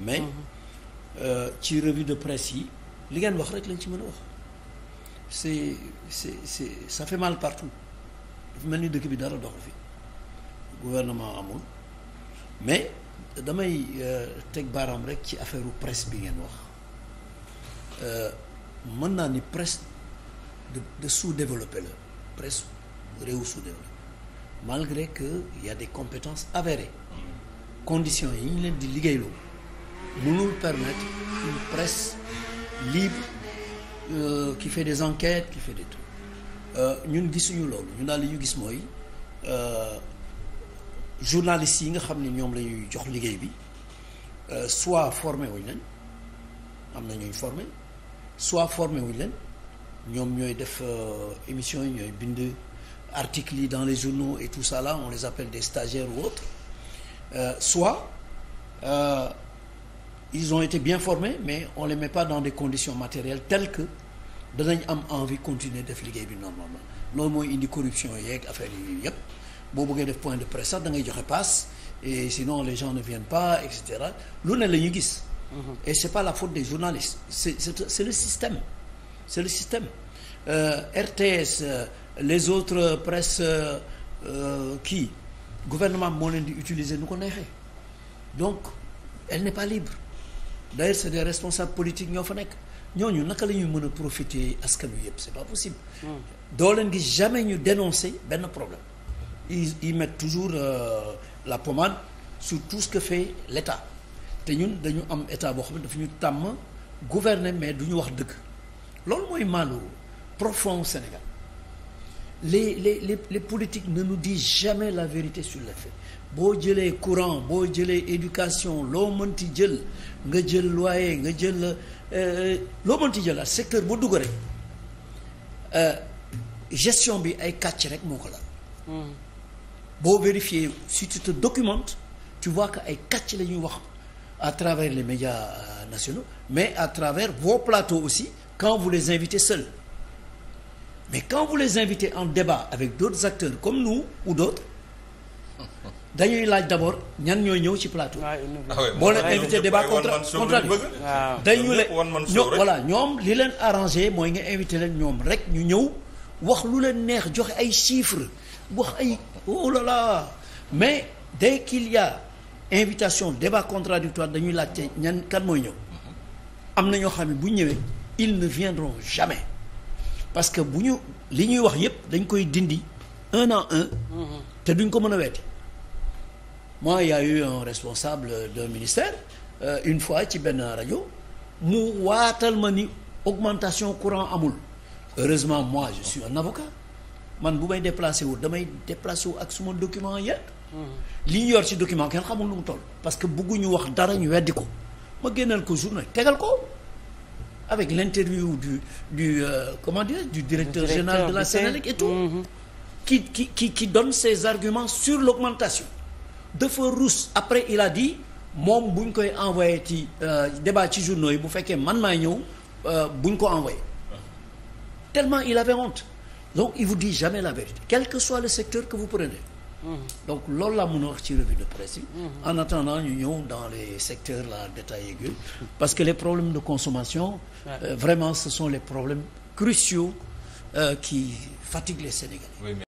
mais euh, ci euh, de presse yi li ngeen wax rek lañ ci mën a wax c'est c'est sa ça fait mal partout dafa mel ni dëkk bi dara dox fi gouvernement amul mais damay euh, teg baaraam rek ci affaire u presse bi ngeen wax euh, mën naa ni presse de de sous la presse réew sous-développé malgré que y a des compétences avérées mm. conditions yi ñu leen di liggéeyloo mënul permettre une presse libre euh, qui fait des enquêtes qui fait des tout euh, ñun gisuñu loolu ñu daal li ñu gis mooy euh, journalistes yi nga xam ni ñoom la ñuy jox liggéey bi soit formé wuñ leen am na ñuy formé soit formé wuñ leen ñoom ñooy def émission yi ñooy bind articles dans les journaux et tout ça on les appelle des stagiaires ou autres soit ils ont été bien formés mais on les met pas dans des conditions matérielles telles que danañ am envie continuer de liggéey bi normalement loolu mooy indi corruption yeeg affaire yi yëpp boo bëggee def point de presse sax da ngay joxe passe et les gens ne viennent pas et cetera lu ne la ñuy gis. Mhm. et c'est pas la faute des journalistes c'est c'est, c'est le système c'est le euh, RTS euh, les autres presses euh, kii euh, gouvernement moo leen di utiliser nu ko neexee donc elle n'est pas libre. d'ailleurs c'est des responsables politiques ñoo fa nekk ñooñu naka la ñuy mën a profiter askan wi yëpp c'est pas possible. Hmm. doo leen ngi jamais ñu dénoncer benn problème. ils ils mettent toujours euh, la pomande sur tout ce que fait l'État te ñun dañu am état boo xam ne dafa ñu tàmm gouverner mais du ñu wax dëkk loolu mooy maalu profond Sénégal. les les les les politiques ne nous disent jamais la vérité sur les boo jëlee courant boo jëlee éducation loo mënti jël nga jël loyer nga jël euh, euh, loo mënti jël secteur bu dugg rek euh, gestion bi ay kàcc rek moo ko la hmm. boo vérifier si tu te documentes tu vois que ay kàcc la ñuy wax à travers les médias nationaux mais à travers vos plateaux aussi quand vous les invitez seuls mais quand vous les invitez en débat avec d'autres acteurs comme nous ou d'autres dañuy laaj d'abord ñan ñoo ñëw ci plateau. Ah, ah boo leen invité débat contre contre ah. dañu le ñoom voilà ñoom li leen arrangé mooy nga invité leen ñoom rek ñu ñëw wax lu leen neex joxe ay chiffres wax ay oh là là mais dès qu'il y a invitation débat contradictoire dañuy laajte ñan kan mooy ñëw mm-hmm. am na ñoo xam ne bu ñëwee ils ne viendront jamais. parce que bu ñu li ñuy wax yépp dañ koy dindi un à un. Mm-hmm. te duñ ko mën a weete. moi il y a eu un responsable d'un ministère euh, une fois ci benn rajo mu waatal ma ni augmentation courant amul heureusement moi je suis un avocat man bu may déplacé wu damay déplacé wu ak suma document yépp mm-hmm. li ñu yor ci document kenn xamul lu mu toll parce que bëgguñu wax dara ñu weddi ko ma génneel ko journée tegal ko avec l'interview du du euh, comment dire du directeur, directeur général de la Sénélec et tout mm -hmm. qui qui qui qui donne ses arguments sur l'augmentation dafa ruus après il a dit moom bu ñu koy envoyé ci euh, débat ci journaux yi bu fekkee man maa ñëw euh, bu ñu ko envoyé tellement il avait honte donc il vous dit jamais la vérité quel que soit le secteur que vous prenez Mm-hmm. donc loolu la mën a wax ci revue de presse yi. Mm-hmm. en attendant ñu ñëw dans les secteurs là détaillés yooyu mm-hmm. parce que les problèmes de consommation. Euh, vraiment ce sont les problèmes cruciaux euh, qui fatiguent les Sénégalais.